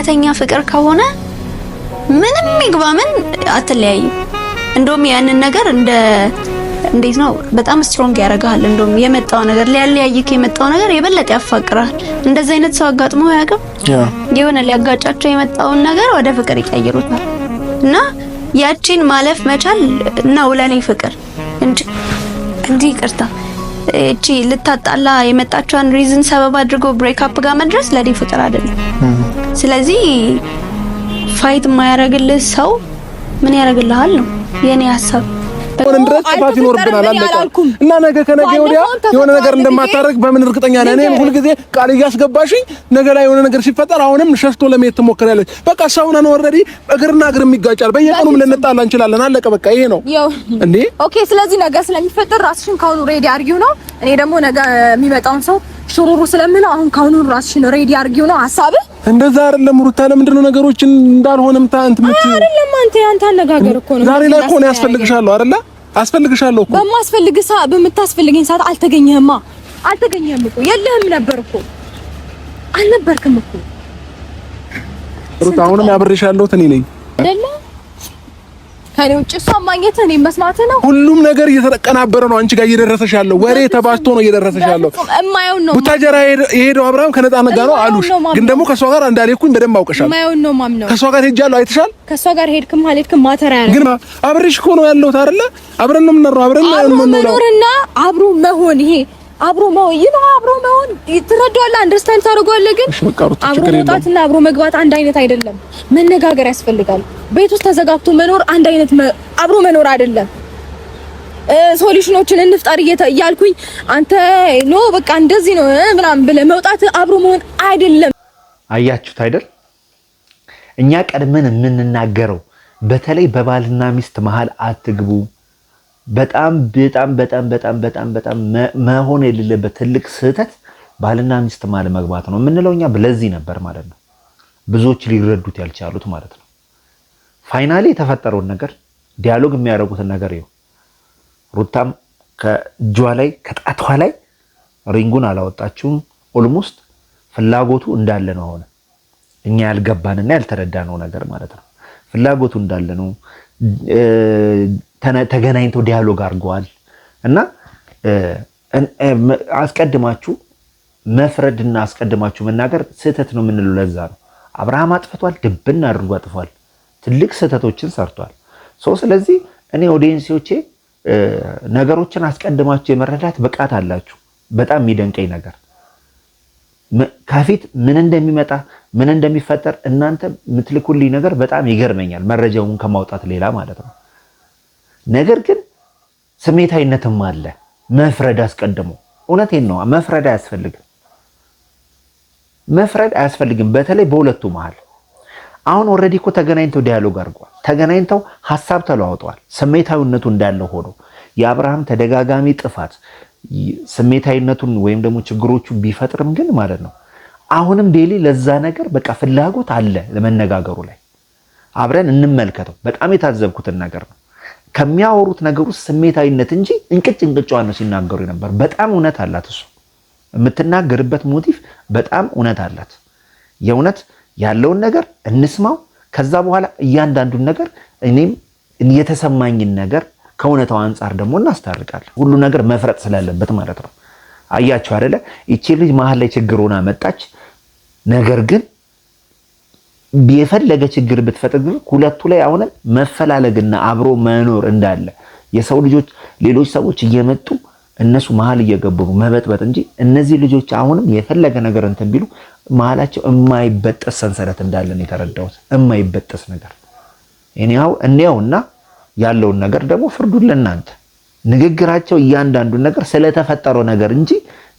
እውነተኛ ፍቅር ከሆነ ምንም ይግባ ምን አትለያይም። እንደውም ያንን ነገር እንደ እንዴት ነው በጣም ስትሮንግ ያደርግሃል። እንደውም የመጣው ነገር ሊያለያይክ የመጣው ነገር የበለጠ ያፋቅራል። እንደዚህ አይነት ሰው አጋጥሞ አያውቅም። የሆነ ሊያጋጫቸው የመጣውን ነገር ወደ ፍቅር ይቀይሩታል። እና ያቺን ማለፍ መቻል ነው ለኔ ፍቅር እንጂ እንዲህ ቅርታ እቺ ልታጣላ የመጣችውን ሪዝን ሰበብ አድርጎ ብሬክ አፕ ጋር መድረስ ለኔ ፍቅር አይደለም። ስለዚህ ፋይት የማያደርግልህ ሰው ምን ያደርግልሃል ነው የኔ ሀሳብ። ሆነን ድረስ ጥፋት ይኖርብናል አለቀ እና ነገ ከነገ ወዲያ የሆነ ነገር እንደማታደርግ በምን እርግጠኛ ነኝ። እኔ ሁልጊዜ ቃል እያስገባሽኝ ነገ ላይ የሆነ ነገር ሲፈጠር አሁንም ሸሽቶ ለመሄድ ትሞክራለች። በቃ ሰውነን ኦልሬዲ እግርና እግር የሚጋጫል። በየቀኑም ልንጣላ እንችላለን። አለቀ በቃ ይሄ ነው እንዴ። ኦኬ። ስለዚህ ነገ ስለሚፈጠር ራስሽን ካሁኑ ሬዲ አድርጊው ነው። እኔ ደግሞ ነገ የሚመጣውን ሰው ሹሩሩ ስለምለው አሁን ካሁኑ ራስሽን ሬዲ አድርጊው ነው ሀሳብህ እንደዛ አይደለም ሩታ። ለምንድን ነው ነገሮችን እንዳልሆነም ታንት ምት አይደለም። አንተ ያንተ አነጋገር እኮ ነው። ዛሬ ላይ እኮ ነው ያስፈልግሻለሁ አይደለ? አስፈልግሻለሁ እኮ በማስፈልግ ሰዓት፣ በምታስፈልገኝ ሰዓት አልተገኘህማ። አልተገኘህም እኮ የለህም ነበር እኮ አልነበርክም እኮ ሩታ። አሁንም ያብሬሻለሁ እኔ ነኝ አይደለ ከኔ ውጭ እሷን ማግኘት እኔ መስማት ነው። ሁሉም ነገር እየተቀናበረ ነው። አንቺ ጋር እየደረሰሽ ያለው ወሬ ተባስቶ ነው እየደረሰሽ ያለው። እማየውን ነው ቡታጀራ የሄደው አብርሃም ከነጻነት ጋር ነው አሉሽ፣ ግን ደግሞ ከእሷ ጋር እንዳልሄድኩኝ በደንብ አውቀሻል። እማየውን ነው ማምነው። ከእሷ ጋር ሄጃለሁ አይተሻል። ከእሷ ጋር ሄድክም አልሄድክም ማተራ ያለ ግን አብሬሽ እኮ ነው ያለሁት አይደለ? አብረን ነው የምንኖረው፣ አብረን ነው የምንኖረው። አብሮ መኖርና አብሮ መሆን ይሄ አብሮ መሆን ይህ ነው። አብሮ መሆን ትረዳዋለህ፣ አንደርስታንድ ታደርገዋለህ። ግን አብሮ መውጣትና አብሮ መግባት አንድ አይነት አይደለም። መነጋገር ያስፈልጋል። ቤት ውስጥ ተዘጋግቶ መኖር አንድ አይነት አብሮ መኖር አይደለም። ሶሉሽኖችን እንፍጠር እያልኩኝ አንተ ኖ በቃ እንደዚህ ነው ምናምን ብለህ መውጣት አብሮ መሆን አይደለም። አያችሁት አይደል? እኛ ቀድመን የምንናገረው በተለይ በባልና ሚስት መሀል አትግቡ በጣም በጣም በጣም በጣም በጣም በጣም መሆን የሌለበት ትልቅ ስህተት ባልና ሚስት መግባት ነው የምንለው እኛ ለዚህ ነበር ማለት ነው። ብዙዎች ሊረዱት ያልቻሉት ማለት ነው። ፋይናሊ የተፈጠረውን ነገር ዲያሎግ የሚያደርጉትን ነገር ይኸው ሩታም ከእጇ ላይ ከጣቷ ላይ ሪንጉን አላወጣችውም። ኦልሞስት ፍላጎቱ እንዳለ ነው ሆነ። እኛ ያልገባንና ያልተረዳነው ነገር ማለት ነው። ፍላጎቱ እንዳለ ነው። ተገናኝተው ዲያሎግ አድርገዋል እና አስቀድማችሁ መፍረድና አስቀድማችሁ መናገር ስህተት ነው የምንለው ለዛ ነው። አብርሃም አጥፍቷል፣ ድብን አድርጎ አጥፏል። ትልቅ ስህተቶችን ሰርቷል። ስለዚህ እኔ ኦዲየንሲዎቼ ነገሮችን አስቀድማችሁ የመረዳት ብቃት አላችሁ። በጣም የሚደንቀኝ ነገር ከፊት ምን እንደሚመጣ ምን እንደሚፈጠር እናንተ የምትልኩልኝ ነገር በጣም ይገርመኛል፣ መረጃውን ከማውጣት ሌላ ማለት ነው። ነገር ግን ስሜታዊነትም አለ። መፍረድ አስቀድሞ እውነቴን ነው። መፍረድ አያስፈልግም። መፍረድ አያስፈልግም። በተለይ በሁለቱ መሀል አሁን ኦልሬዲ እኮ ተገናኝተው ዲያሎግ አድርጓል። ተገናኝተው ሀሳብ ተለዋውጠዋል። ስሜታዊነቱ እንዳለ ሆኖ የአብርሃም ተደጋጋሚ ጥፋት ስሜታዊነቱን ወይም ደግሞ ችግሮቹ ቢፈጥርም ግን ማለት ነው አሁንም ዴሊ ለዛ ነገር በቃ ፍላጎት አለ። ለመነጋገሩ ላይ አብረን እንመልከተው። በጣም የታዘብኩትን ነገር ነው። ከሚያወሩት ነገር ውስጥ ስሜታዊነት እንጂ እንቅጭ እንቅጫዋ ነው ሲናገሩ ነበር። በጣም እውነት አላት። እሱ የምትናገርበት ሞቲቭ በጣም እውነት አላት። የእውነት ያለውን ነገር እንስማው። ከዛ በኋላ እያንዳንዱን ነገር እኔም የተሰማኝን ነገር ከእውነታው አንጻር ደግሞ እናስታርቃለን። ሁሉ ነገር መፍረጥ ስላለበት ማለት ነው። አያቸው አደለ? ይቺ ልጅ መሀል ላይ ችግር ሆና መጣች። ነገር ግን የፈለገ ችግር ብትፈጥግ ሁለቱ ላይ አሁንም መፈላለግና አብሮ መኖር እንዳለ የሰው ልጆች ሌሎች ሰዎች እየመጡ እነሱ መሀል እየገቡ መበጥበጥ እንጂ እነዚህ ልጆች አሁንም የፈለገ ነገር እንትን ቢሉ መሀላቸው የማይበጠስ ሰንሰለት እንዳለን የተረዳሁት የማይበጠስ ነገር እኔው እኔውና ያለውን ነገር ደግሞ ፍርዱን ለእናንተ ንግግራቸው እያንዳንዱን ነገር ስለተፈጠረው ነገር እንጂ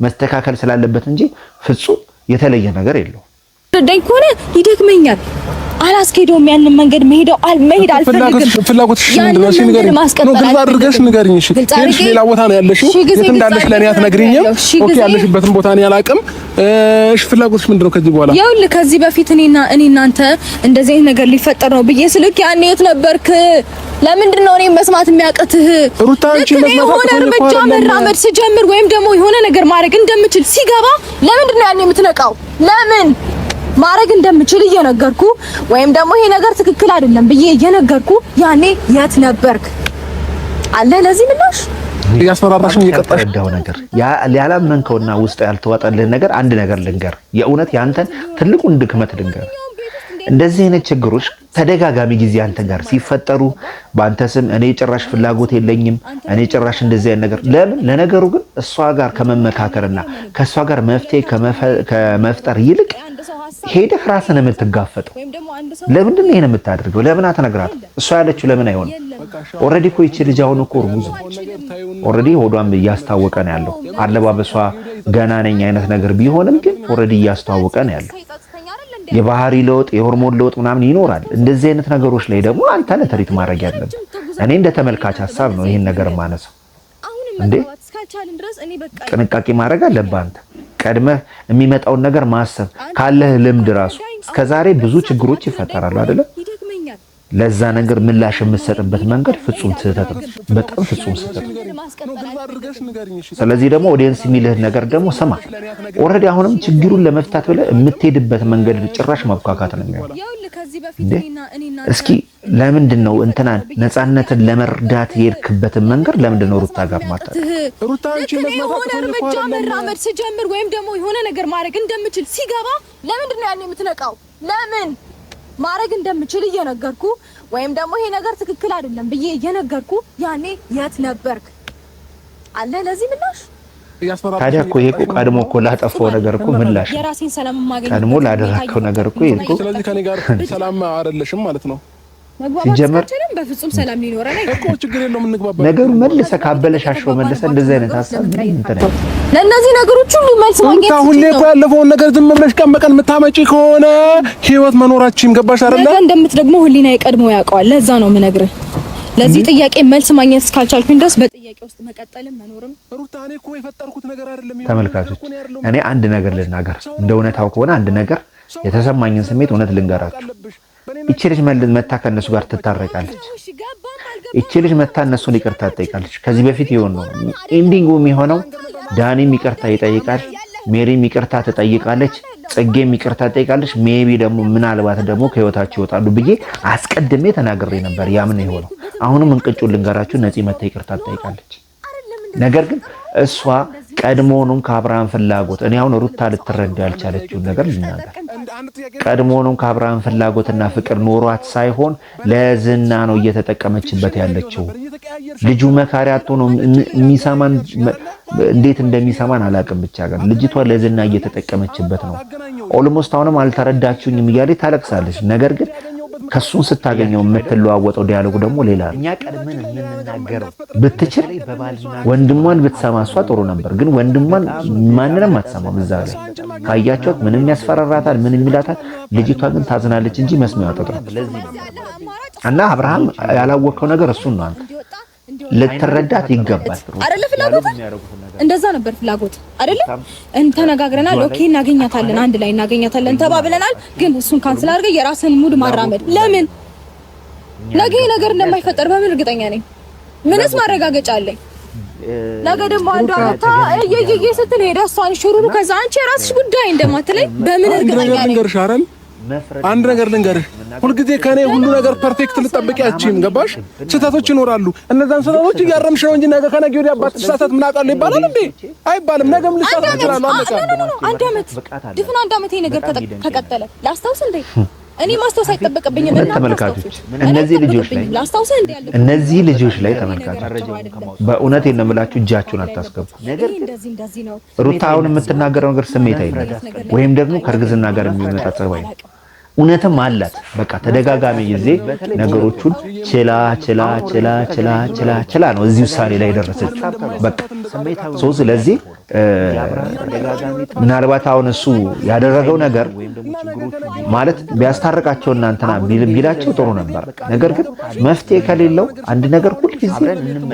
መስተካከል ስላለበት እንጂ ፍጹም የተለየ ነገር የለውም። ረዳኝ ከሆነ ይደክመኛል። አላስኬደውም። ያንን መንገድ መሄደው አል መሄድ አልፈልግም። ፍላጎትሽ ምንድን ነው? ነው ግልጽ አድርገሽ ንገሪኝ። እሺ፣ ሌላ ቦታ ነው ያለሽው። የት እንዳለሽ ለእኔ አትነግሪኝም? ኦኬ፣ ያለሽበትን ቦታ ነው አላውቅም። እሺ፣ ፍላጎትሽ ምንድን ነው? ከዚህ በኋላ ይኸውልህ፣ ከዚህ በፊት እኔና እኔ እናንተ እንደዚህ አይነት ነገር ሊፈጠር ነው ብዬ ስልክ ያኔ የት ነበርክ? ለምንድን ነው እኔም መስማት የሚያቅትህ? ሩታ አንቺ የሆነ እርምጃ መራመድ ስጀምር ወይም ደግሞ የሆነ ነገር ማድረግ እንደምችል ሲገባ ለምንድን ነው ያኔ የምትነቃው? ለምን ማድረግ እንደምችል እየነገርኩ ወይም ደግሞ ይሄ ነገር ትክክል አይደለም ብዬ እየነገርኩ ያኔ የት ነበርክ አለ ለዚህ ምላሽ እያስፈራራሽን እየቀጣሽ ነገር ያላመንከውና ውስጥ ያልተዋጠልህ ነገር አንድ ነገር ልንገር፣ የእውነት ያንተን ትልቁን ድክመት ልንገር። እንደዚህ አይነት ችግሮች ተደጋጋሚ ጊዜ አንተ ጋር ሲፈጠሩ በአንተ ስም እኔ ጭራሽ ፍላጎት የለኝም፣ እኔ ጭራሽ እንደዚህ አይነት ነገር ለምን? ለነገሩ ግን እሷ ጋር ከመመካከርና ከእሷ ጋር መፍትሄ ከመፍጠር ይልቅ ሄደህ ራስን የምትጋፈጠው ለምንድን ነው? ይሄን የምታደርገው ለምን አትነግራት? እሷ ያለችው ለምን አይሆንም? ኦልሬዲ እኮ ይቺ ልጅ አሁን እኮ እርጉዝ ነች። ኦልሬዲ ሆዷም እያስታወቀ ነው ያለው። አለባበሷ ገና ነኝ አይነት ነገር ቢሆንም ግን ኦልሬዲ እያስተዋወቀ ነው ያለው። የባህሪ ለውጥ የሆርሞን ለውጥ ምናምን ይኖራል። እንደዚህ አይነት ነገሮች ላይ ደግሞ አንተ ለተሪት ማድረግ ያለብን እኔ እንደ ተመልካች ሀሳብ ነው ይህን ነገር ማነሳው። እንዴ ጥንቃቄ ማድረግ አለብህ አንተ ቀድመህ የሚመጣውን ነገር ማሰብ ካለህ ልምድ ራሱ እስከዛሬ ብዙ ችግሮች ይፈጠራሉ አይደለም? ለዛ ነገር ምላሽ የምትሰጥበት መንገድ ፍጹም ስህተት ነው። በጣም ፍጹም ስህተት ነው። ስለዚህ ደግሞ ኦዲየንስ የሚልህ ነገር ደግሞ ስማ። ኦልሬዲ አሁንም ችግሩን ለመፍታት ብለህ የምትሄድበት መንገድ ጭራሽ መብካካት ነው የሚሆነው። እስኪ ለምንድን ነው እንትናን ነፃነትን ለመርዳት የሄድክበትን መንገድ ለምንድን ነው ሩታ ጋር ማታ የሆነ እርምጃ መራመድ ስጀምር ወይም ደግሞ የሆነ ነገር ማድረግ እንደምችል ሲገባ ለምንድን ነው ያን የምትነቃው? ለምን ማድረግ እንደምችል እየነገርኩ ወይም ደግሞ ይሄ ነገር ትክክል አይደለም ብዬ እየነገርኩ ያኔ የት ነበርክ አለ። ለዚህ ምላሽ ታዲያ እኮ ይሄ እኮ ቀድሞ እኮ ላጠፋው ነገር እኮ ምላሽ ቀድሞ ላደረከው ነገር እኮ ይሄ እኮ ስለዚህ ከኔ ጋር ሰላም አይደለሽም ማለት ነው። ሲጀመር በፍጹም ሰላም ሊኖር እኮ ችግር የለውም። እንግባባ ነገሩ መልሰ ካበለሻሸው መልሰ እንደዚህ አይነት ሀሳብ ለእነዚህ ነገሮች ሁሉ መልስ ማግኘት ሁሌ እኮ ያለፈውን ነገር ዝም ብለሽ ቀን በቀን የምታመጪ ከሆነ ህይወት መኖራችሁም ገባሽ አይደለ? እንደምትደግሞ ህሊና የቀድሞ ያውቀዋል። ለዛ ነው የምነግርህ። ለዚህ ጥያቄ መልስ ማግኘት እስካልቻልኩኝ ድረስ በጥያቄ ውስጥ መቀጠልም መኖርም ሩታኔ እኮ የፈጠርኩት ነገር አይደለም። ተመልካቾች እኔ አንድ ነገር ልናገር፣ እንደ እውነታው ከሆነ አንድ ነገር የተሰማኝን ስሜት እውነት ልንገራችሁ ይቺ ልጅ መታ ከእነሱ ጋር ትታረቃለች። ይቺ ልጅ መታ እነሱን ይቅርታ ትጠይቃለች። ከዚህ በፊት ይሆን ነው ኢንዲንጉ የሚሆነው። ዳኒም ይቅርታ ይጠይቃል፣ ሜሪም ይቅርታ ትጠይቃለች፣ ጽጌም ይቅርታ ትጠይቃለች። ሜቢ ደግሞ ምናልባት ደግሞ ከህይወታቸው ይወጣሉ ብዬ አስቀድሜ ተናግሬ ነበር። ያምን የሆነው አሁንም እንቅጩ ልንገራችሁ፣ ነፂ መታ ይቅርታ ትጠይቃለች። ነገር ግን እሷ ቀድሞውኑም ከአብርሃም ፍላጎት እኔ አሁን ሩታ ልትረዳ ያልቻለችውን ነገር ልናገር። ቀድሞውኑም ከአብርሃም ፍላጎትና ፍቅር ኖሯት ሳይሆን ለዝና ነው እየተጠቀመችበት ያለችው። ልጁ መካሪ አትሆኖ የሚሰማን እንዴት እንደሚሰማን አላቅም። ብቻ ጋር ልጅቷ ለዝና እየተጠቀመችበት ነው። ኦልሞስት አሁንም አልተረዳችሁኝም እያለች ታለቅሳለች። ነገር ግን ከሱን ስታገኘው የምትለዋወጠው ዲያሎጉ ደግሞ ሌላ ነው። ብትችል ወንድሟን ብትሰማ እሷ ጥሩ ነበር። ግን ወንድሟን ማንንም አትሰማም። እዛ ላይ ካያቸውት ምንም ያስፈራራታል፣ ምንም ይላታል። ልጅቷ ግን ታዝናለች እንጂ መስሚያ ያጠጥ ነው። እና አብርሃም ያላወቀው ነገር እሱን ነው አንተ ልትረዳት ይገባል አይደለ? ፍላጎት እንደዛ ነበር ፍላጎት አይደለ? እንተነጋግረናል። ኦኬ እናገኛታለን፣ አንድ ላይ እናገኛታለን ተባብለናል። ግን እሱን ካንስል አድርገህ የራስን ሙድ ማራመድ ለምን? ነገ ነገር እንደማይፈጠር በምን እርግጠኛ ነኝ? ምንስ ማረጋገጫ አለኝ? ነገ ደግሞ አንዷ መታ እየየየ ስትል ሄዳ እሷን ሽሩሩ ከዛ አንቺ የራስሽ ጉዳይ እንደማትለኝ በምን እርግጠኛ ነኝ? አንድ ነገር ልንገርህ፣ ሁልጊዜ ከእኔ ሁሉ ነገር ፐርፌክት ልጠብቅ ልጠብቂያችሁም። ገባሽ? ስህተቶች ይኖራሉ። እነዛን ስህተቶች እያረምሽ ነው እንጂ ነገ ከነገ ወዲያ አባት ተሳሳት ምን አውቃለሁ ይባላል እንዴ? አይባልም። ነገም ልሳሳት ይችላል። አለቀ። አንድ አመት ድፍን አንድ አመት ይሄ ነገር ተቀጠለ። ላስታውስ እንዴ? እኔ ማስታወስ አይጠበቅብኝም። እና ተመልካቾች እነዚህ ልጆች ላይ እንዴ? እነዚህ ልጆች ላይ ተመልካቾች በእውነት ነው የምላችሁ እጃችሁን አታስገቡ። ሩታ አሁን የምትናገረው ነገር ስሜት አይነት ወይም ደግሞ ከእርግዝና ጋር የሚመጣ ጸባይ ነው እውነትም አላት። በቃ ተደጋጋሚ ጊዜ ነገሮቹን ችላ ችላ ችላ ችላ ችላ ችላ ነው እዚህ ውሳኔ ላይ ደረሰችው። በቃ ስለዚህ ምናልባት አሁን እሱ ያደረገው ነገር ማለት ቢያስታርቃቸው እናንተና ቢላቸው ጥሩ ነበር። ነገር ግን መፍትሄ ከሌለው አንድ ነገር ሁልጊዜ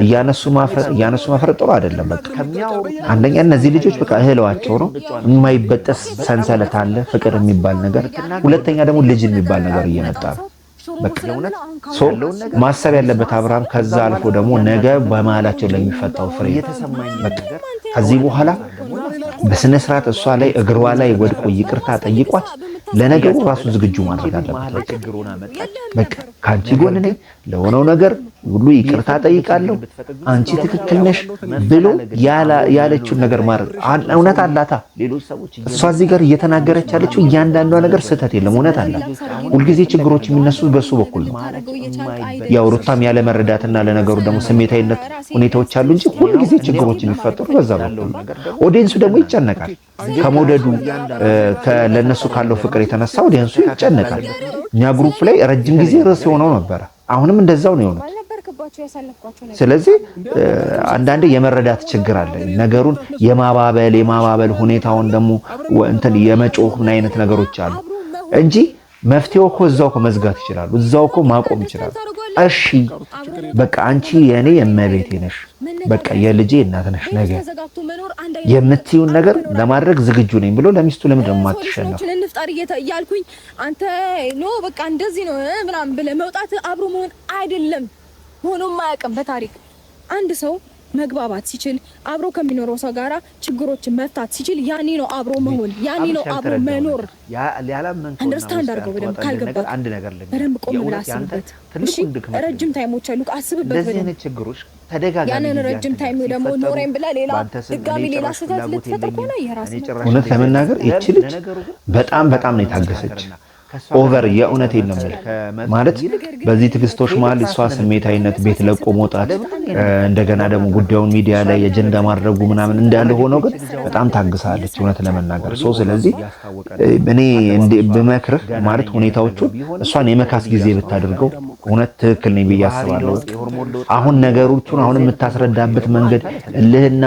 እያነሱ ማፍረጥ እያነሱ ማፍረጥ ጥሩ አይደለም። በቃ አንደኛ እነዚህ ልጆች በቃ እህለዋቸው ነው። የማይበጠስ ሰንሰለት አለ ፍቅር የሚባል ነገር። ሁለተኛ ደግሞ ልጅ የሚባል ነገር እየመጣ ነው። በቃ የእውነት ማሰብ ያለበት አብርሃም ከዛ አልፎ ደግሞ ነገ በመሀላቸው ለሚፈጣው ፍሬ ከዚህ በኋላ በስነ ስርዓት እሷ ላይ እግሯ ላይ ወድቆ ይቅርታ ጠይቋት ለነገሩ ራሱ ዝግጁ ማድረግ አለበት። ከአንቺ ጎን ነኝ፣ ለሆነው ነገር ሁሉ ይቅርታ ጠይቃለሁ፣ አንቺ ትክክል ነሽ ብሎ ያለችውን ነገር ማድረግ እውነት አላታ። እሷ እዚህ ጋር እየተናገረች ያለችው እያንዳንዷ ነገር ስህተት የለም፣ እውነት አላ። ሁልጊዜ ችግሮች የሚነሱት በሱ በኩል ነው። ያው ሩታም ያለ መረዳትና ለነገሩ ደግሞ ስሜታዊነት ሁኔታዎች አሉ እንጂ ሁልጊዜ ችግሮች የሚፈጠሩ በዛ በኩል ነው። ኦዲየንሱ ደግሞ ይጨነቃል ከመውደዱ ለእነሱ ካለው ፍቅር ፍቅር የተነሳ ወዲያንሱ ይጨነቃል። እኛ ግሩፕ ላይ ረጅም ጊዜ ርዕስ የሆነው ነበረ። አሁንም እንደዛው ነው የሆኑት። ስለዚህ አንዳንዴ የመረዳት ችግር አለ። ነገሩን የማባበል የማባበል ሁኔታውን ደግሞ እንትን የመጮህ ምን አይነት ነገሮች አሉ እንጂ መፍትሄው እኮ እዛው እኮ መዝጋት ይችላሉ። እዛው እኮ ማቆም ይችላሉ። እሺ በቃ አንቺ የእኔ የእመቤቴ ነሽ፣ በቃ የልጄ እናት ነሽ። ነገ የምትዩን ነገር ለማድረግ ዝግጁ ነኝ ብሎ ለሚስቱ ለምንድን ነው የማትሸነፍ? እንፍጠር እያልኩኝ አንተ ኖ በቃ እንደዚህ ነው ምናምን ብለህ መውጣት አብሮ መሆን አይደለም፣ ሆኖም አያውቅም በታሪክ አንድ ሰው መግባባት ሲችል አብሮ ከሚኖረው ሰው ጋራ ችግሮችን መፍታት ሲችል ያኔ ነው አብሮ መሆን፣ ያኔ ነው አብሮ መኖር። አንደርስታንድ አድርገው በደንብ ካልገባ በደንብ ቆም ብለህ አስብበት። ረጅም ታይሞች አሉ፣ አስብበት በደንብ ያንን ረጅም ታይም ደግሞ ኖሬም ብላ ሌላ ድጋሚ ሌላ ስህተት ልትፈጥር ከሆነ የራስ እውነት ለመናገር ይቺ ልጅ በጣም በጣም ነው የታገሰች ኦቨር የእውነት ነው የምልህ። ማለት በዚህ ትግስቶች መሀል እሷ ስሜታዊነት ቤት ለቆ መውጣት እንደገና ደግሞ ጉዳዩን ሚዲያ ላይ የጀንዳ ማድረጉ ምናምን እንዳለ ሆነው ግን በጣም ታግሳለች እውነት ለመናገር ሶ ስለዚህ እኔ ብመክርህ ማለት ሁኔታዎቹን እሷን የመካስ ጊዜ ብታደርገው እውነት ትክክል ነኝ ብዬ አስባለሁ። አሁን ነገሮቹን አሁን የምታስረዳበት መንገድ እልህና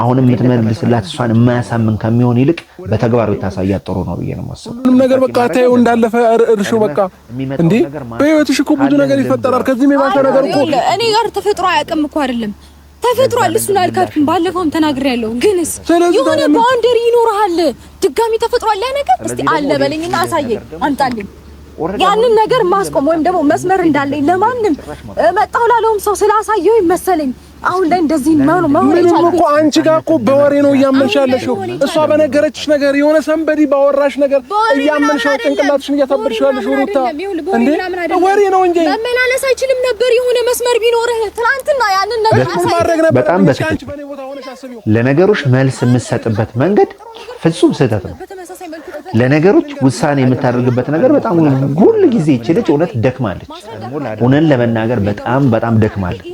አሁን የምትመልስላት እሷን የማያሳምን ከሚሆን ይልቅ በተግባር ብታሳያት ጥሩ ነው ብዬ ነው የማስበው። ሁሉም ነገር በቃ ታየው እንዳለፈ እርሾ በቃ እንዴ፣ በህይወትሽ እኮ ብዙ ነገር ይፈጠራል። ከዚህም የባሰ ነገር እኮ እኔ ጋር ተፈጥሮ አያውቅም እኮ አይደለም ተፈጥሯል። እሱን አልካድኩም፣ ባለፈውም ተናግሬያለሁ። ግንስ የሆነ ባውንደሪ ይኖርሃል። ድጋሚ ተፈጥሯል ያ ነገር። እስቲ አለ በለኝና አሳየኝ፣ አምጣልኝ ያንን ነገር ማስቆም ወይም ደግሞ መስመር እንዳለኝ ለማንም መጣው ላለውም ሰው ስላሳየው ይመሰለኝ አሁን ላይ እንደዚህ ነው ነው። ምንም እኮ አንቺ ጋር እኮ በወሬ ነው እያመንሻለሽው። እሷ በነገረችሽ ነገር የሆነ ሰንበዲ ባወራሽ ነገር እያመንሻው ጭንቅላትሽን እያታበድሽው ያለሽው ሩታ እንዴ ወሬ ነው እንጂ መመላለስ አይችልም ነበር። የሆነ መስመር ቢኖርህ ትናንትና ያንን ነገር አሳይ ማድረግ ነበር። በጣም በትክክል ለነገሮች መልስ የምትሰጥበት መንገድ ፍጹም ስህተት ነው። ለነገሮች ውሳኔ የምታደርግበት ነገር በጣም ሁል ጊዜ ይችለች እውነት ደክማለች። እውነን ለመናገር በጣም በጣም ደክማለች።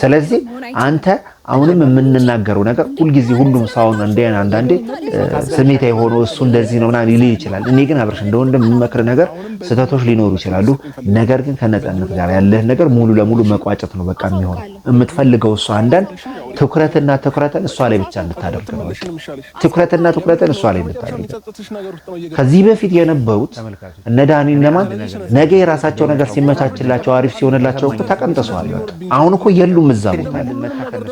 ስለዚህ አንተ አሁንም የምንናገረው ነገር ሁልጊዜ ሁሉም ሳይሆን እንደያን አንዳንዴ ስሜታ የሆነው እሱ እንደዚህ ነው ምናምን ሊል ይችላል። እኔ ግን አብረሽ እንደ ወንድም የምመክር ነገር ስህተቶች ሊኖሩ ይችላሉ። ነገር ግን ከነጠነት ጋር ያለህ ነገር ሙሉ ለሙሉ መቋጨት ነው በቃ የሚሆነው። የምትፈልገው እሱ አንዳንድ ትኩረትና ትኩረትን እሷ ላይ ብቻ እንድታደርግ ነው። ትኩረትና ትኩረትን እሷ ላይ እንድታደርግ ከዚህ በፊት የነበሩት እነ ዳኒ ለማን ነገ የራሳቸው ነገር ሲመቻችላቸው አሪፍ ሲሆንላቸው እኮ ተቀንጥሰዋል። አሁን እኮ የሉም እዛ ቦታ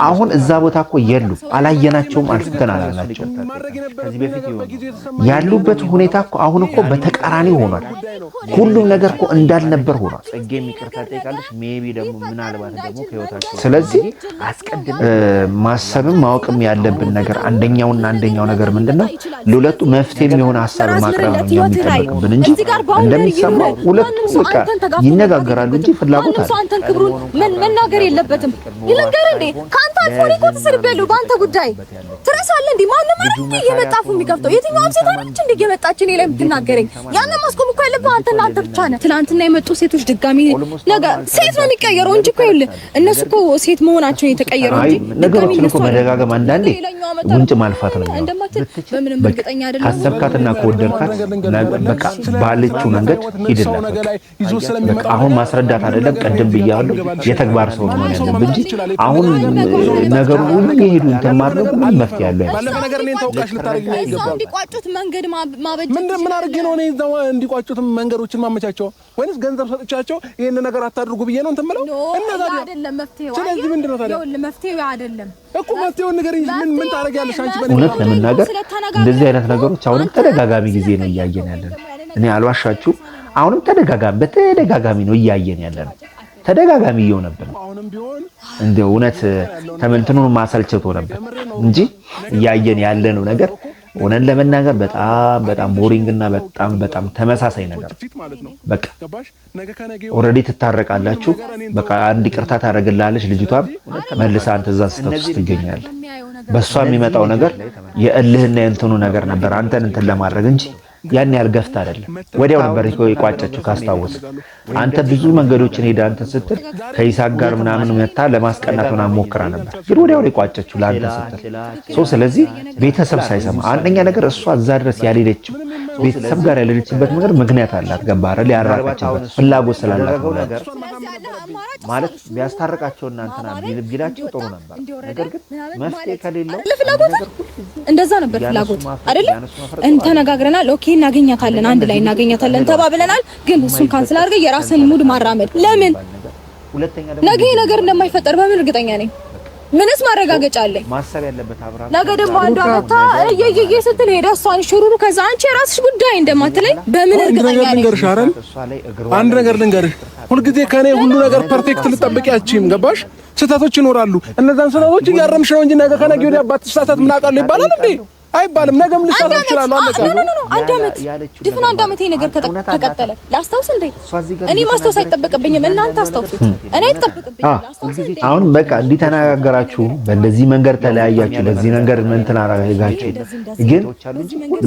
አሁን ምክንያቱም እዛ ቦታ እኮ የሉ አላየናቸውም፣ አልፍተን አላልናቸውም። ያሉበት ሁኔታ እኮ አሁን እኮ በተቃራኒ ሆኗል። ሁሉም ነገር እኮ እንዳልነበር ሆኗል። ስለዚህ ማሰብም ማወቅም ያለብን ነገር አንደኛውና አንደኛው ነገር ምንድን ነው ለሁለቱ መፍትሄ የሚሆን ሀሳብ ማቅረብ ነው የሚጠበቅብን እንጂ እንደሚሰማው ሁለቱም በቃ ይነጋገራሉ እንጂ ፍላጎት አለ መናገር የለበትም። ይልንገር እንዴ ከአንተ ፎን እኮ ተሰድቤያለሁ በአንተ ጉዳይ። ትረሳለህ እንዴ? ማንም አይደል እንዴ የሚከፍተው? የትኛውም ሴት አይደለች እንዴ እየመጣች እኔ ላይ የምትናገረኝ? ያንን ማስቆም እኮ ያለብህ አንተና አንተ ብቻ ነህ። ትናንትና የመጡ ሴቶች ድጋሚ ነገ ሴት ነው የሚቀየረው እንጂ እኮ ይኸውልህ፣ እነሱ እኮ ሴት መሆናቸውን የተቀየረው እንጂ ነገሮችን እኮ መደጋገም አንዳንዴ ጉንጭ ማልፋት ነው ካሰብካትና ከወደድካት በቃ ባለችው መንገድ ሂድላት። በቃ አሁን ማስረዳት አይደለም። ቀደም ብያለሁ፣ የተግባር ሰው መሆን ያለብህ እንጂ አሁን ነገሩ ሁሉ የሄዱ እንትን ማድረግ ሁሉ መፍትሄ ያለው ባለፈ ነገር እኔን ተወቃሽ ልታደርግ ነው ይገባል። እንዲቋጩት መንገድ ማበጀት ምን ምን አድርጌ ነው እኔ እዛው እንዲቋጩት መንገዶችን ማመቻቸው ወይንስ ገንዘብ ሰጥቻቸው ይሄን ነገር አታድርጉ ብዬ ነው እንትን የምለው እና ታዲያ አይደለም መፍትሄው። ስለዚህ ምንድን ነው ታዲያ መፍትሄው አይደለም እኮ መፍትሄውን ነገር ምን ምን ታደርጊያለሽ አንቺ? በእኔ እውነት ለመናገር እንደዚህ አይነት ነገሮች አሁንም ተደጋጋሚ ጊዜ ነው እያየን ያለን። እኔ አልዋሻችሁ፣ አሁንም ተደጋጋሚ በተደጋጋሚ ነው እያየን ያለን ተደጋጋሚ እየው ነበር። እንደ እውነት ተመንትኑን ማሰልቸቶ ነበር እንጂ እያየን ያለነው ነገር እውነን ለመናገር በጣም በጣም ቦሪንግ እና በጣም በጣም ተመሳሳይ ነገር። በቃ ኦልሬዲ ትታረቃላችሁ። በቃ አንድ ይቅርታ ታደርግላለች ልጅቷም መልሳ አንተ እዛ ስተውስ ትገኛለህ። በእሷ የሚመጣው ነገር የእልህና የእንትኑ ነገር ነበር አንተን እንትን ለማድረግ እንጂ ያን ያህል ገፍት አይደለም። ወዲያው ነበር የቋጨችው ካስታወስ። አንተ ብዙ መንገዶችን ሄዳ ስትል ከይሳቅ ጋር ምናምን መታ ለማስቀናት ምናምን ሞክራ ነበር፣ ግን ወዲያው የቋጨችው ለአንተ ስትል። ስለዚህ ቤተሰብ ሳይሰማ አንደኛ ነገር እሷ እዛ ድረስ ያልሄደችው ቤተሰብ ጋር ያለችበት ነገር ምክንያት አላት። ገባረ ሊያራቃችበት ፍላጎት ስላላት ማለት ቢያስታርቃቸው እናንተና ቢላቸው ጥሩ ነበር። ነገር ግን መፍትሄ ከሌለው እንደዛ ነበር ፍላጎት አይደለ? እንተነጋግረናል። ኦኬ እናገኛታለን፣ አንድ ላይ እናገኛታለን ተባብለናል። ግን እሱን ካንስል አድርገህ የራስን ሙድ ማራመድ ለምን? ነገ ነገር እንደማይፈጠር በምን እርግጠኛ ነኝ? ምንስ ማረጋገጫ አለ? ማሰብ ያለበት አብራ ነገ ደግሞ አንዷ መታ እየየየ ስትል ሄዳ እሷን ሽሩሩ ከዛ አንቺ የራስሽ ጉዳይ እንደማትለኝ በምን እርግጠኛ ነኝ? አንድ ነገር ልንገርሽ፣ ሁልጊዜ ከኔ ሁሉ ነገር ፐርፌክት ልጠብቂያችሁም ገባሽ? ስህተቶች ይኖራሉ። እነዛን ስህተቶች እያረምሽ ነው እንጂ ነገ ከነገ ወዲያ ባትሳሳት ምን አውቃለሁ ይባላል እንዴ? አይባልም። ነገም ልሰራ ይችላል። አለቀ። አንድ አመት ድፍን አንድ አመት ይሄ ነገር ተቀጠለ። ላስታውስ እንዴ? እኔ ማስታወስ አይጠበቅብኝም። እናንተ አስታውሱት። እኔ አይጠበቅብኝም። አሁን በቃ እንዲህ ተነጋገራችሁ፣ በእንደዚህ መንገድ ተለያያችሁ፣ በዚህ ነገር ምን አረጋችሁ። ግን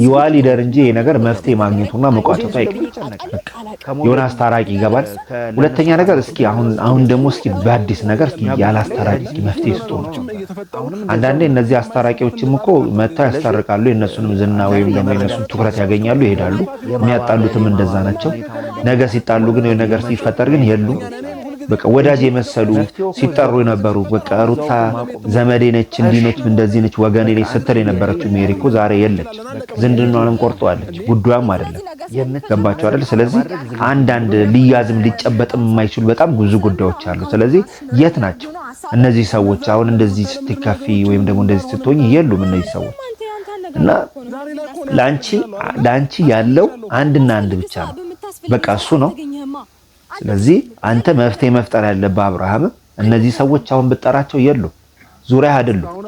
ይዋል ይደር እንጂ ይሄ ነገር መፍትሄ ማግኘቱና መቋጨቱ አይቀርም። የሆነ አስታራቂ ይገባል። ሁለተኛ ነገር እስኪ አሁን አሁን ደግሞ እስኪ በአዲስ ነገር እስኪ ያለ አስታራቂ እስኪ መፍትሄ ስጡ ነው። አንዳንዴ እነዚህ አስታራቂዎችም እኮ መታ ያንጸባርቃሉ። የእነሱንም ዝና ወይም ደግሞ የእነሱን ትኩረት ያገኛሉ፣ ይሄዳሉ። የሚያጣሉትም እንደዛ ናቸው። ነገ ሲጣሉ ግን ነገር ሲፈጠር ግን የሉም። በቃ ወዳጅ የመሰሉ ሲጠሩ የነበሩ በቃ ሩታ ዘመዴ ነች፣ እንዲህ ነች፣ እንደዚህ ነች፣ ወገኔ ነች ስትል የነበረችው ሜሪ እኮ ዛሬ የለች። ዝንድናዋንም ቆርጠዋለች። ጉዷም አይደለም። ገባቸው አይደል? ስለዚህ አንዳንድ ሊያዝም ሊጨበጥም የማይችሉ በጣም ብዙ ጉዳዮች አሉ። ስለዚህ የት ናቸው እነዚህ ሰዎች? አሁን እንደዚህ ስትከፊ ወይም ደግሞ እንደዚህ ስትሆኝ የሉም እነዚህ ሰዎች እና ለአንቺ ያለው አንድና አንድ ብቻ ነው፣ በቃ እሱ ነው። ስለዚህ አንተ መፍትሄ መፍጠር ያለብህ አብርሃም፣ እነዚህ ሰዎች አሁን ብጠራቸው የሉ ዙሪያ አይደሉም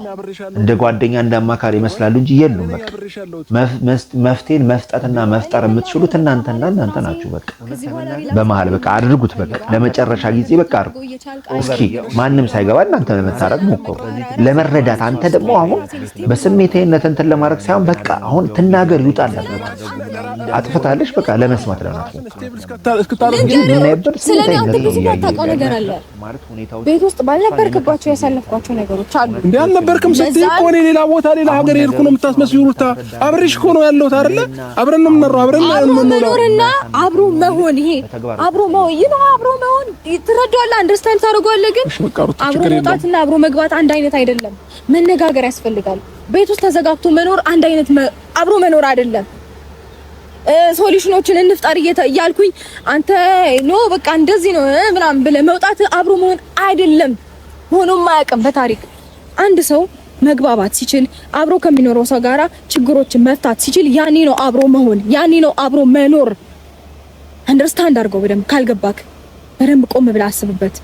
እንደ ጓደኛ እንደ አማካሪ ይመስላሉ እንጂ የሉም። በቃ መፍትሄን መፍጠትና መፍጠር የምትችሉት እናንተና እናንተ ናችሁ። በቃ በመሀል በቃ አድርጉት። በቃ ለመጨረሻ ጊዜ በቃ አድርጉ። እስኪ ማንም ሳይገባ እናንተ ለመታረቅ ሞክሩ፣ ለመረዳት። አንተ ደግሞ አሁን በስሜታዊነት እንትን ለማድረግ ሳይሆን በቃ አሁን ትናገር ይውጣላት። በቃ አጥፍታለች፣ በቃ ለመስማት ለናት ቤት ውስጥ ባልነበርክባቸው ያሳለፍኳቸው ነገሮች አሉ አላውቅም ስትይ እኮ እኔ ሌላ ቦታ ሌላ ሀገር ሄድኩ ነው የምታስመስዩ። ይሩታ አብሬሽ እኮ ነው ያለሁት አይደለ? አብረን ነው የምንኖረው፣ አብረን ነው የምንኖረው። መኖርና አብሮ መሆን ይሄ አብሮ መሆን ይህ አብሮ መሆን ትረዳዋለህ፣ አንደርስታንድ ታደርገዋለህ። ግን አብሮ መውጣትና አብሮ መግባት አንድ አይነት አይደለም። መነጋገር ያስፈልጋል። ቤት ውስጥ ተዘጋግቶ መኖር አንድ አይነት አብሮ መኖር አይደለም። ሶሉሽኖችን እንፍጠር እያልኩኝ አንተ ኖ በቃ እንደዚህ ነው ምናምን ብለህ መውጣት አብሮ መሆን አይደለም። ሆኖም አያውቅም በታሪክ አንድ ሰው መግባባት ሲችል አብሮ ከሚኖረው ሰው ጋራ ችግሮችን መፍታት ሲችል ያኔ ነው አብሮ መሆን፣ ያኔ ነው አብሮ መኖር። አንደርስታንድ አድርገው በደንብ ካልገባክ በደንብ ቆም ብለህ አስብበት።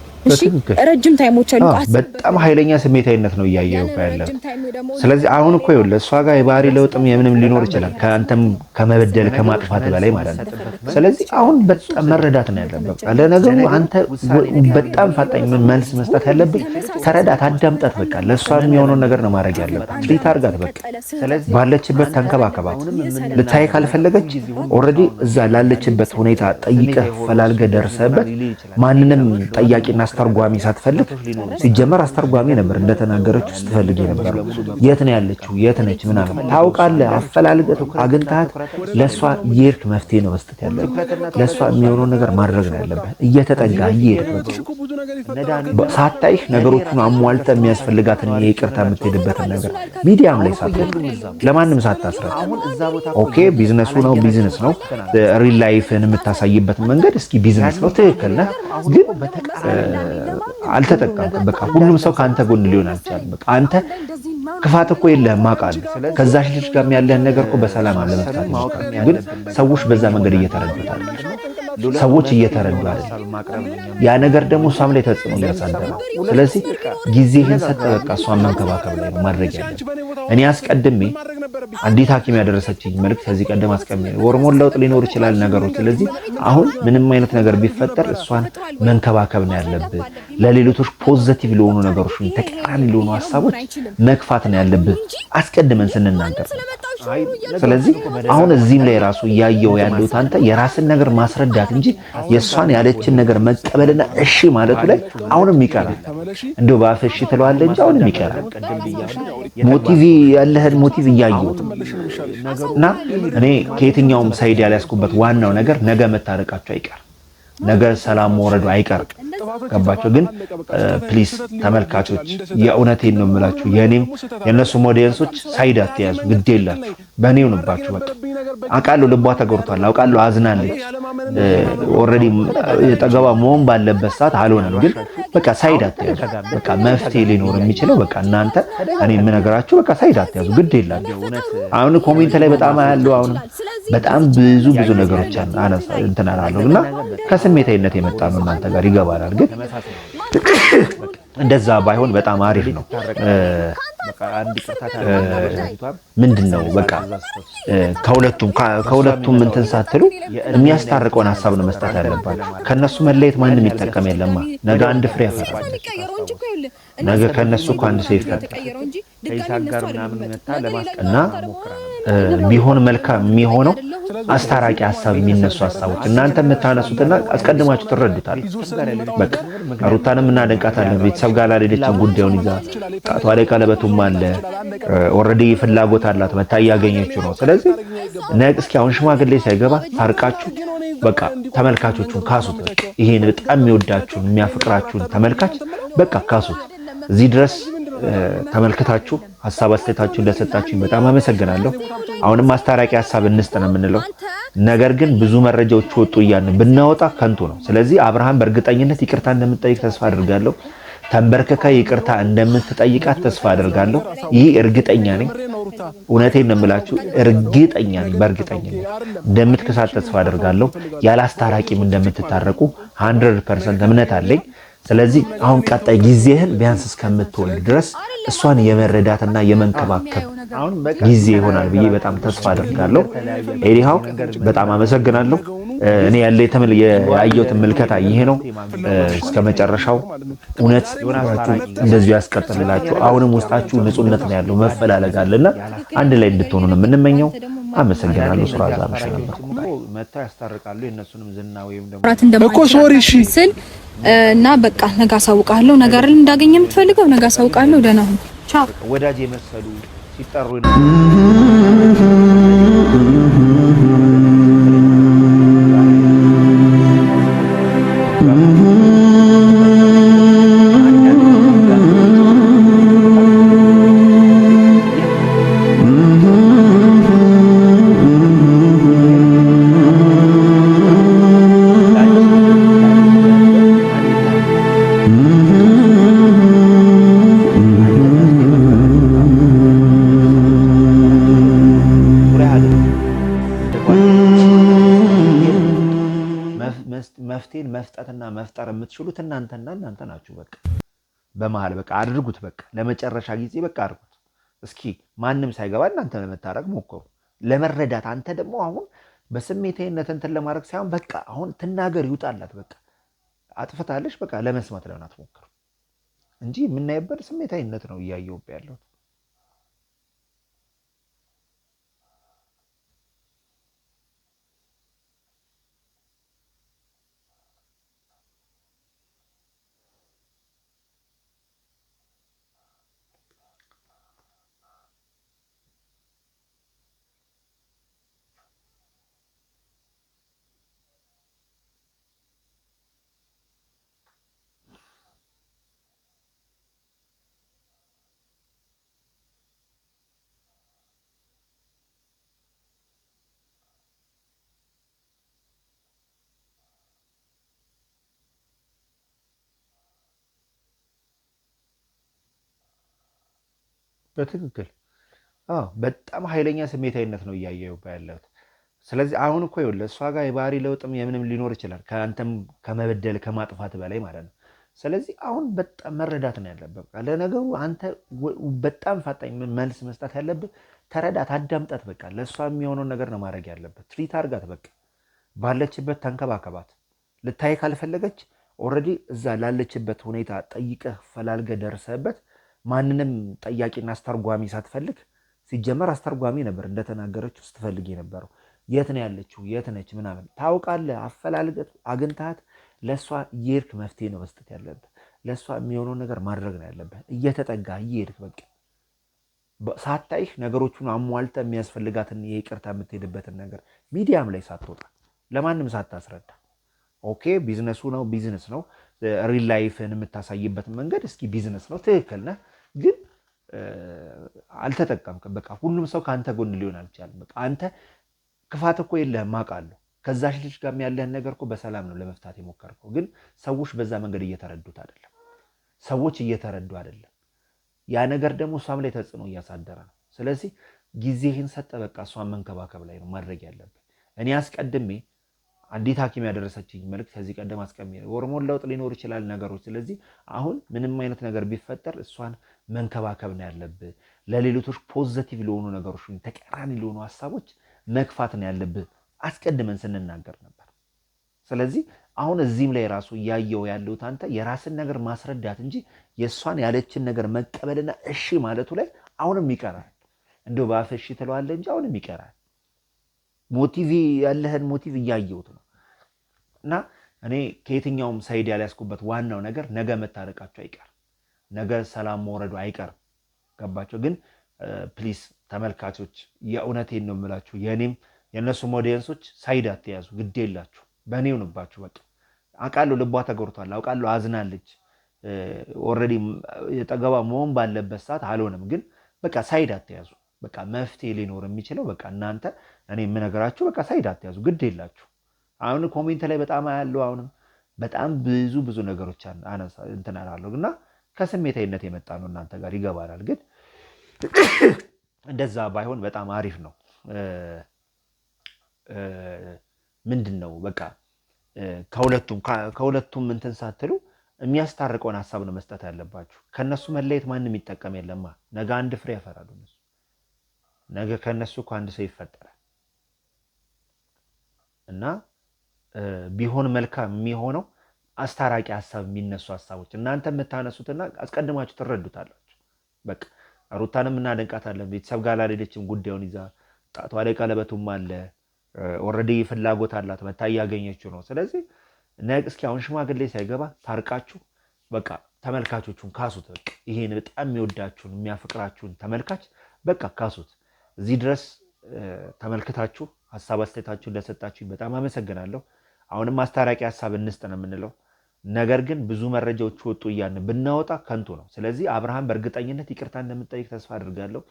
ረጅም ታይሞች አሉ። በጣም ኃይለኛ ስሜታዊነት ነው እያየው ያለ። ስለዚህ አሁን እኮ ይኸውልህ እሷ ጋር የባህሪ ለውጥም የምንም ሊኖር ይችላል ከአንተም ከመበደል ከማጥፋት በላይ ማለት ነው። ስለዚህ አሁን በጣም መረዳት ነው ያለብህ። ለነገሩ አንተ በጣም ፈጣኝ መልስ መስጠት ያለብህ ተረዳት፣ አዳምጣት። በቃ ለእሷ የሚሆነውን ነገር ነው ማድረግ ያለብህ። ትሪት አድርጋት በቃ ባለችበት ተንከባከባት። ልታይ ካልፈለገች ኦልሬዲ እዛ ላለችበት ሁኔታ ጠይቀህ ፈላልገህ ደርሰህበት ማንንም ጠያቂና አስተርጓሚ ሳትፈልግ ሲጀመር አስተርጓሚ ነበር እንደተናገረችው ስትፈልግ የነበረው የት ነው ያለችው የት ነች ምናምን ታውቃለህ። አፈላልገት አግኝታት ለእሷ የሄድክ መፍትሄ ነው መስጠት ያለብህ። ለእሷ የሚሆነው ነገር ማድረግ ነው ያለብህ። እየተጠጋ እየሄድክ ነገሮቹን አሟልተ የሚያስፈልጋትን ይቅርታ የምትሄድበትን ነገር ሚዲያም ላይ ሳትፈልግ ለማንም ሳታስረት ኦኬ፣ ቢዝነሱ ነው ቢዝነስ ነው ሪል ላይፍን የምታሳይበት መንገድ እስኪ ቢዝነስ ነው ትክክል ነህ ግን አልተጠቀምክም። በቃ ሁሉም ሰው ከአንተ ጎን ሊሆን አልቻለም። በቃ አንተ ክፋት እኮ የለህም አውቃለሁ። ከዛ ልጅ ጋር ያለህን ነገር እኮ በሰላም አለመፍታት ግን ሰዎች በዛ መንገድ እየተረዱታል። ሰዎች እየተረዱ ያ ነገር ደግሞ እሷም ላይ ተጽዕኖ እያሳደረ ነው። ስለዚህ ጊዜህን ሰጠ በቃ እሷን መንከባከብ ላይ ነው ማድረግ ያለ። እኔ አስቀድሜ አንዲት ሐኪም ያደረሰችኝ መልክት ከዚህ ቀደም አስቀድሜ ሆርሞን ለውጥ ሊኖር ይችላል ነገሮች። ስለዚህ አሁን ምንም አይነት ነገር ቢፈጠር እሷን መንከባከብ ነው ያለብህ። ለሌሎቶች ፖዘቲቭ ለሆኑ ነገሮች፣ ተቃራኒ ለሆኑ ሀሳቦች መግፋት ነው ያለብህ አስቀድመን ስንናገር ስለዚህ አሁን እዚህም ላይ ራሱ እያየው ያለሁት አንተ የራስን ነገር ማስረዳት እንጂ የእሷን ያለችን ነገር መቀበልና እሺ ማለቱ ላይ አሁንም ይቀራል። እንዲሁ በአፍ እሺ ትለዋለህ እንጂ አሁንም ይቀራል። ሞቲቭ ያለህን ሞቲቭ እያየሁት እና እኔ ከየትኛውም ሳይድ ያልያዝኩበት ዋናው ነገር ነገ መታረቃቸው አይቀርም። ነገር ሰላም መውረዱ አይቀርም። ገባቸው ግን ፕሊስ ተመልካቾች የእውነቴን ነው የምላችሁ። የእኔም የእነሱ ኦዲየንሶች ሳይድ አትያዙ፣ ግድ የላችሁ በእኔ ሆንባችሁ። በቃ አውቃለሁ፣ ልቧ ተጎድቷል፣ አውቃለሁ፣ አዝናለች። ኦልሬዲ የጠገባ መሆን ባለበት ሰዓት አልሆነም። ግን በቃ ሳይድ አትያዙ። በቃ መፍትሄ ሊኖር የሚችለው በቃ እናንተ እኔ የምነግራችሁ በቃ ሳይድ አትያዙ፣ ግድ የላችሁ። አሁን ኮሜንት ላይ በጣም ያለው አሁን በጣም ብዙ ብዙ ነገሮች እንትን አላለሁ እና ከስ በስሜታዊነት የመጣ ነው እናንተ ጋር ይገባናል። ግን እንደዛ ባይሆን በጣም አሪፍ ነው። ምንድን ነው በቃ ከሁለቱም ከሁለቱም እንትን ሳትሉ የሚያስታርቀውን ሀሳብ ነው መስጠት ያለባቸው። ከእነሱ መለየት ማንም ይጠቀም የለማ። ነገ አንድ ፍሬ ያፈራል። ነገ ከነሱ እኮ አንድ ሰው ይፈታል። ከይሳቅ ጋር ምናምን መታ ለማስቀና ቢሆን መልካም የሚሆነው አስታራቂ ሀሳብ የሚነሱ ሀሳቦች እናንተ የምታነሱትና አስቀድማችሁ ትረዱታል። በቃ ሩታንም እናደንቃታለን። ቤተሰብ ጋር ላልሄደችን ጉዳዩን ይዛ ጣቷ ላይ ቀለበቱም አለ። ኦልሬዲ ፍላጎት አላት መታ እያገኘችው ነው። ስለዚህ ነቅ እስኪ አሁን ሽማግሌ ሳይገባ ታርቃችሁ በቃ ተመልካቾቹን ካሱት። ይሄን በጣም የሚወዳችሁን የሚያፍቅራችሁን ተመልካች በቃ ካሱት። እዚህ ድረስ ተመልክታችሁ ሀሳብ አስተያየታችሁን ለሰጣችሁኝ በጣም አመሰግናለሁ። አሁንም አስታራቂ ሀሳብ እንስጥ ነው የምንለው። ነገር ግን ብዙ መረጃዎች ወጡ እያልን ብናወጣ ከንቱ ነው። ስለዚህ አብርሃም በእርግጠኝነት ይቅርታ እንደምትጠይቅ ተስፋ አድርጋለሁ። ተንበርከከ ይቅርታ እንደምትጠይቃት ተስፋ አድርጋለሁ። ይህ እርግጠኛ ነኝ። እውነቴን ነው የምላችሁ፣ እርግጠኛ ነኝ። በእርግጠኛ እንደምትክሳት ተስፋ አድርጋለሁ። ያለ አስታራቂም እንደምትታረቁ 100 ፐርሰንት እምነት አለኝ። ስለዚህ አሁን ቀጣይ ጊዜህን ቢያንስ እስከምትወልድ ድረስ እሷን የመረዳትና የመንከባከብ ጊዜ ይሆናል ብዬ በጣም ተስፋ አደርጋለሁ። ኤዲሃው በጣም አመሰግናለሁ። እኔ ያለ ያየሁት ምልከታ ይሄ ነው። እስከ መጨረሻው እውነት እንደዚሁ ያስቀጥልላችሁ። አሁንም ውስጣችሁ ንጹህነት ነው ያለው፣ መፈላለግ አለና አንድ ላይ እንድትሆኑ ነው የምንመኘው። አመሰግናለሁ። ስራ ዛ ምሽል እኮ ሶሪ እና በቃ ነገ አሳውቃለሁ። ነገር እንዳገኘ የምትፈልገው? ነገ አሳውቃለሁ። ደህና ሁን። ቻው። ወዳጅ የመሰሉ ሲጠሩ መፍትሄን መፍጠትና መፍጠር የምትችሉት እናንተና እናንተ ናችሁ። በቃ በመሀል በቃ አድርጉት። በቃ ለመጨረሻ ጊዜ በቃ አድርጉት። እስኪ ማንም ሳይገባ እናንተ ለመታረቅ ሞክሩ፣ ለመረዳት። አንተ ደግሞ አሁን በስሜታዊነት እንትን ለማድረግ ሳይሆን በቃ አሁን ትናገር፣ ይውጣላት። በቃ አጥፍታለች፣ በቃ ለመስማት ለምን አትሞክሩ እንጂ የምናይበት ስሜታዊነት ነው እያየሁብህ ያለሁት በትክክል በጣም ኃይለኛ ስሜታዊነት ነው እያየሁ ያለሁት። ስለዚህ አሁን እኮ ይኸውልህ እሷ ጋር የባህሪ ለውጥም የምንም ሊኖር ይችላል ከአንተም ከመበደል ከማጥፋት በላይ ማለት ነው። ስለዚህ አሁን በጣም መረዳት ነው ያለብህ። በቃ ለነገሩ አንተ በጣም ፈጣኝ መልስ መስጠት ያለብህ ተረዳት፣ አዳምጣት። በቃ ለእሷ የሚሆነውን ነገር ነው ማድረግ ያለብህ። ትሪት አድርጋት፣ በቃ ባለችበት ተንከባከባት። ልታይ ካልፈለገች ኦልሬዲ እዛ ላለችበት ሁኔታ ጠይቀህ ፈላልገ ደርሰበት ማንንም ጠያቂና አስተርጓሚ ሳትፈልግ ሲጀመር አስተርጓሚ ነበር እንደተናገረችው ስትፈልግ የነበረው የት ነው ያለችው የት ነች ምናምን ታውቃለህ። አፈላልገት አግኝታት ለእሷ እየሄድክ መፍትሄ ነው መስጠት ያለብህ። ለእሷ የሚሆነው ነገር ማድረግ ነው ያለብህ። እየተጠጋ እየሄድክ በቃ ሳታይህ ነገሮቹን አሟልተ የሚያስፈልጋትን ይቅርታ የምትሄድበትን ነገር ሚዲያም ላይ ሳትወጣ ለማንም ሳታስረዳ ኦኬ ቢዝነሱ ነው ቢዝነስ ነው ሪል ላይፍን የምታሳይበት መንገድ እስኪ ቢዝነስ ነው፣ ትክክል ነህ፣ ግን አልተጠቀምክም። በቃ ሁሉም ሰው ከአንተ ጎን ሊሆን አልቻለም። በቃ አንተ ክፋት እኮ የለህም አውቃለሁ። ከዛ ልጅ ጋር ያለህን ነገር እኮ በሰላም ነው ለመፍታት የሞከርከው፣ ግን ሰዎች በዛ መንገድ እየተረዱት አይደለም። ሰዎች እየተረዱ አይደለም። ያ ነገር ደግሞ እሷም ላይ ተጽዕኖ እያሳደረ ነው። ስለዚህ ጊዜህን ሰጠ በቃ እሷን መንከባከብ ላይ ነው ማድረግ ያለብን። እኔ አስቀድሜ አንዲት ሐኪም ያደረሰችኝ መልዕክት ከዚህ ቀደም አስቀሚ ሆርሞን ለውጥ ሊኖር ይችላል ነገሮች። ስለዚህ አሁን ምንም አይነት ነገር ቢፈጠር እሷን መንከባከብ ነው ያለብህ። ለሌሎች ፖዘቲቭ ለሆኑ ነገሮች ተቃራኒ ለሆኑ ሀሳቦች መግፋት ነው ያለብህ አስቀድመን ስንናገር ነበር። ስለዚህ አሁን እዚህም ላይ ራሱ እያየው ያለሁት አንተ የራስን ነገር ማስረዳት እንጂ የእሷን ያለችን ነገር መቀበልና እሺ ማለቱ ላይ አሁንም ይቀራል። እንደው በአፍ እሺ ትለዋለህ እንጂ አሁንም ይቀራል። ሞቲቪ ያለህን ሞቲቭ እያየሁት ነው። እና እኔ ከየትኛውም ሳይድ ያልያዝኩበት ዋናው ነገር ነገ መታረቃቸው አይቀር፣ ነገ ሰላም መውረዱ አይቀርም። ገባቸው ግን ፕሊስ ተመልካቾች የእውነቴን ነው የምላችሁ። የእኔም የእነሱ ኦዲየንሶች ሳይድ አትያዙ፣ ግድ የላችሁ በእኔ ሆንባችሁ። በቃ አውቃለሁ ልቧ ተጎድቷል፣ አውቃለሁ አዝናለች። ኦልሬዲ የጠገባ መሆን ባለበት ሰዓት አልሆንም፣ ግን በቃ ሳይድ አትያዙ። በቃ መፍትሄ ሊኖር የሚችለው በቃ እናንተ እኔ የምነግራችሁ በቃ ሳይድ አትያዙ፣ ግድ የላችሁ። አሁን ኮሜንት ላይ በጣም ያለው አሁንም በጣም ብዙ ብዙ ነገሮች እንትን እና ከስሜታዊነት የመጣ ነው እናንተ ጋር ይገባናል። ግን እንደዛ ባይሆን በጣም አሪፍ ነው። ምንድን ነው በቃ ከሁለቱም ከሁለቱም እንትን ሳትሉ የሚያስታርቀውን ሀሳብ ነው መስጠት ያለባችሁ። ከነሱ መለየት ማንም ይጠቀም የለማ። ነገ አንድ ፍሬ ያፈራሉ እነሱ። ነገ ከነሱ እኮ አንድ ሰው ይፈጠራል እና ቢሆን መልካም የሚሆነው አስታራቂ ሀሳብ የሚነሱ ሀሳቦች እናንተ የምታነሱትና አስቀድማችሁ ትረዱታላችሁ። በቃ ሩታንም እናደንቃታለን። ቤተሰብ ጋር ላልሄደችም ጉዳዩን ይዛ ጣቷ ላይ ቀለበቱም አለ። ኦልሬዲ ፍላጎት አላት፣ መታ እያገኘችው ነው። ስለዚህ እስኪ አሁን ሽማግሌ ሳይገባ ታርቃችሁ በቃ ተመልካቾቹን ካሱት። በቃ ይሄን በጣም የሚወዳችሁን የሚያፈቅራችሁን ተመልካች በቃ ካሱት። እዚህ ድረስ ተመልክታችሁ ሀሳብ አስተያየታችሁ እንደሰጣችሁ በጣም አመሰግናለሁ። አሁንም ማስታራቂ ሀሳብ እንስጥ ነው የምንለው። ነገር ግን ብዙ መረጃዎች ወጡ እያልን ብናወጣ ከንቱ ነው። ስለዚህ አብርሃም በእርግጠኝነት ይቅርታ እንደምትጠይቅ ተስፋ አድርጋለሁ።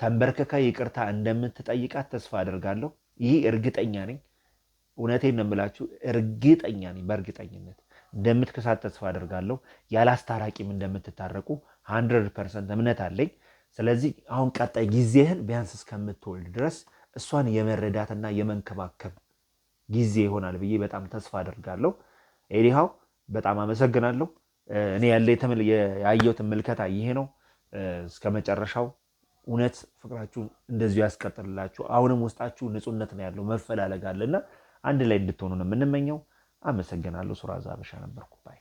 ተንበርክካ ይቅርታ እንደምትጠይቃት ተስፋ አድርጋለሁ። ይህ እርግጠኛ ነኝ። እውነቴን ነው የምላችሁ፣ እርግጠኛ ነኝ። በእርግጠኝነት እንደምትክሳት ተስፋ አድርጋለሁ። ያለ አስታራቂም እንደምትታረቁ ሀንድረድ ፐርሰንት እምነት አለኝ። ስለዚህ አሁን ቀጣይ ጊዜህን ቢያንስ እስከምትወልድ ድረስ እሷን የመረዳትና የመንከባከብ ጊዜ ይሆናል ብዬ በጣም ተስፋ አደርጋለሁ። ኤዲሃው በጣም አመሰግናለሁ። እኔ ያለ ያየሁት ምልከታ ይሄ ነው። እስከ መጨረሻው እውነት ፍቅራችሁ እንደዚሁ ያስቀጥልላችሁ። አሁንም ውስጣችሁ ንጹህነት ነው ያለው፣ መፈላለግ አለና አንድ ላይ እንድትሆኑ ነው የምንመኘው። አመሰግናለሁ። ሱራዛ አበሻ ነበርኩ ባይ